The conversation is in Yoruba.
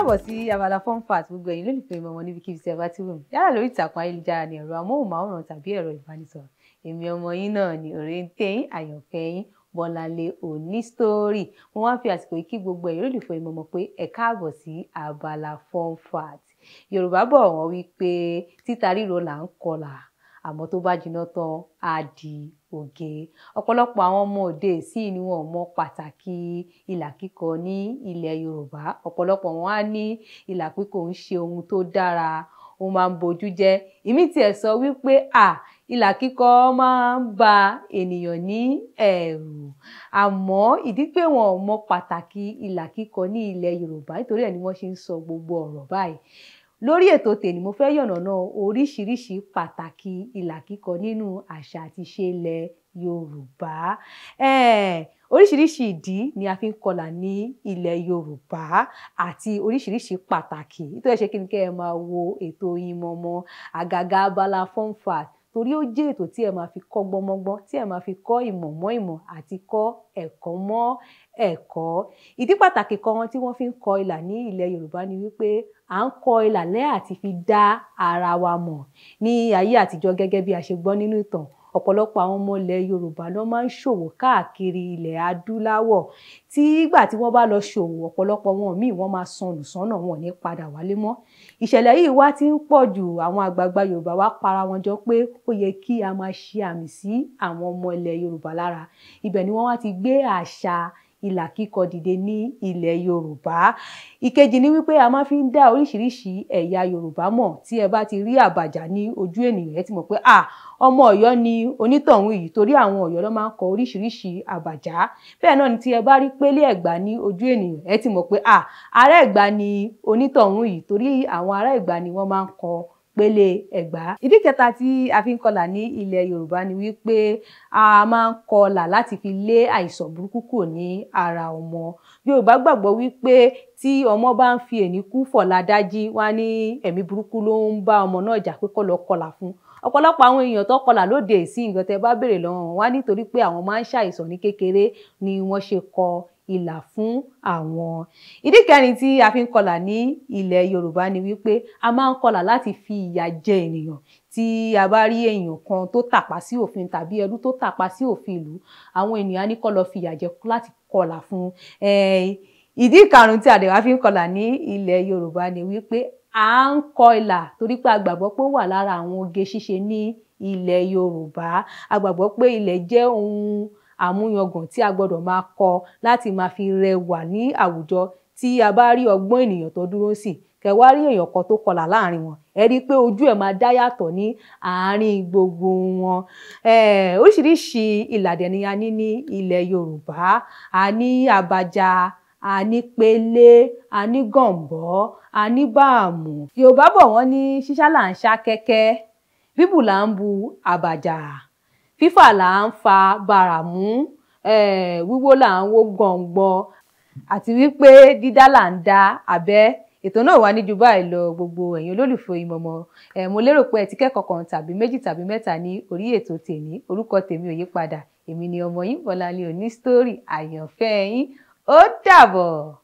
káàbọ̀ sí abala fun fact gbogbo ẹ̀yin lólùfẹ́ ìmọ̀ ọmọ níbi kíbi tí ẹ bá ti wù mí yálà lórí ìtàkùn ayélujára ní ẹ̀rọ amóhùnmáwòrán tàbí ẹ̀rọ ìbánisọ̀rọ̀ èmi ọmọ yín náà ni ọ̀rẹ́ ń tẹ́yìn àyànfẹ́ yín bọ́láńlé onítòórì mo wá fi àsìkò yìí kí gbogbo ẹ̀yin lólùfẹ́ ìmọ̀ ọmọ pé ẹ káàbọ̀ sí abala fun fact yorùbá bọ̀ wọ́n wí pé títa ríro là ń kọlà àmọ́ tó bá jiná tán á di oge ọ̀pọ̀lọpọ̀ àwọn ọmọ òde sí ni wọn mọ pàtàkì ìlà kíkọ ní ilẹ̀ Yorùbá ọ̀pọ̀lọpọ̀ wọn á ní ìlà kíkọ ń ṣe ohun tó dára ó máa ń bojú jẹ́ ìmí tiẹ̀ sọ wípé à ìlà kíkọ máa ń ba ènìyàn ní ẹ̀rù àmọ́ ìdí pé wọn ò mọ pàtàkì ìlà kíkọ ní ilẹ̀ Yorùbá nítorí ẹ̀ ni wọ́n ṣe ń sọ gbogbo ọ̀rọ̀ báyìí lórí ètò tèmi mo fẹ́ yànnàná oríṣiríṣi pàtàkì ìlà kíkọ nínú àṣà àti ìṣe ilẹ̀ yorùbá eh, oríṣiríṣi ìdí ni a fi ń kọlà ní ilẹ̀ yorùbá àti oríṣiríṣi pàtàkì nítorí ṣe kí ni kẹ́ ẹ máa wo ètò Yínmọ̀mọ́ àgàgà abala fun torí ó jẹ́ ètò tí ẹ máa fi kọ́ gbọ́mọgbọ́n tí ẹ máa fi kọ́ ìmọ̀ mọ́ ìmọ̀ àti kọ́ ẹ̀kọ́ mọ́ ẹ̀kọ́ ìdí pàtàkì kan tí wọ́n fi ń kọ ìlà ní ilẹ̀ Yorùbá ni wípé à ń kọ ìlà lẹ́ àti fi dá ara wa mọ̀ ní ayé àtijọ́ gẹ́gẹ́ bí a ṣe gbọ́ nínú ìtàn ọ̀pọ̀lọpọ̀ àwọn ọmọ ilẹ̀ Yorùbá ló máa ń ṣòwò káàkiri ilẹ̀ adúláwọ̀ tí ìgbà tí wọ́n bá lọ ṣòwò ọ̀pọ̀lọpọ̀ wọn míì wọ́n máa sọnù sọ́nà wọn ní padà wálé mọ́ ìṣẹ̀lẹ̀ yìí wá ti ń pọ̀ jù àwọn àgbààgbà Yorùbá wá para wọn jọ pé ó yẹ kí a máa ṣe àmì sí àwọn ọmọ ilẹ̀ Yorùbá lára ibẹ̀ ni wọ́n wá ti gbé àṣà ìlà kíkọ dìde ní ilẹ̀ yorùbá ìkejì ni wípé a máa fi ń dá oríṣiríṣi ẹ̀yà yorùbá mọ̀ tí ẹ bá ti rí àbàjá ní ojú ènìyàn ẹ ti mọ̀ pé ọmọ ọ̀yọ́ ni onítọ̀hún yìí torí àwọn ọ̀yọ́ ló máa ń kọ oríṣiríṣi àbàjá bẹ́ẹ̀ náà ni tí ẹ bá rí pélé ẹ̀gbá ní ojú ènìyàn ẹ ti mọ̀ pé à ará ẹ̀gbá ni onítọ̀hún yìí torí àwọn ará ẹ̀gbá ni wọ́n máa ń kọ pele ẹ̀gbá. ìdí kẹta tí a fi ń kọlà ní ilẹ̀ yorùbá ni wípé a máa ń kọlà láti fi lé àìsàn burúkú kò ní ara ọmọ yorùbá gbàgbọ́ wípé tí ọmọ bá ń fi èní kú fọ̀la dájí wá ní ẹ̀mí burúkú ló ń bá ọmọ náà jà pé kó lọ kọlà fún ọ̀pọ̀lọpọ̀ àwọn èèyàn tó kọlà lóde ìsìn nǹkan bá béèrè lọ́wọ́ wá nítorí pé àwọn máa ń ṣàìsàn ní kékeré ni wọ́n ṣe kọ ìlà fún àwọn. ìdí kẹrin tí a fi ń kọlà ní ilẹ̀ Yorùbá ni wípé a máa ń kọlà láti fi ìyà jẹ ènìyàn tí a bá rí èèyàn kan tó tàpá sí òfin tàbí ẹrú tó tàpá sí òfin ìlú àwọn ènìyàn á ní kó lọ fi ìyà jẹ láti kọlà fún ìdí karùn tí àdẹ̀wá fi ń kọlà ní ilẹ̀ Yorùbá ni wípé à ń kọ ìlà torí pé a gbàgbọ́ pé ó wà lára àwọn oge ṣíṣe ní ilẹ̀ Yorùbá a pé ilẹ̀ jẹ́ ohun àmúyangàn tí a gbọ́dọ̀ máa kọ láti máa fi rẹwà ní àwùjọ tí a bá rí ọgbọ́n ènìyàn tó dúró sí kẹwàá rí èèyàn kan tó kọlà láàrin wọn ẹ rí i pé ojú ẹ máa dá yàtọ̀ ní àárín gbogbo wọn oríṣiríṣi ìlàdẹ ni a ní ní ilẹ̀ Yorùbá a ní abaja a ní pélé a ní gọ̀ǹbọ́ a ní báàmù Yorùbá bọ̀ wọ́n ní ṣíṣá là ń ṣá kẹ́kẹ́ bíbù là ń bu àbàjà fífà là ń fa bàràmú eh, wíwó là ń wó gbọ̀ngbọ̀ àti wípé dídá là ń dá abẹ́ ètò náà wà ní ju báyìí lọ gbogbo ẹ̀yin olólùfẹ́ Oyinmomo ẹ̀ eh, mo lérò pé ẹ ti kẹ́kọ̀ọ́ kan tàbí méjì tàbí mẹ́ta ní orí ètò tèmi orúkọ tèmi ò yí èmi ni ọmọ yín Bọ́láńlé Onísítórì àyànfẹ́ yín ó dàbọ̀.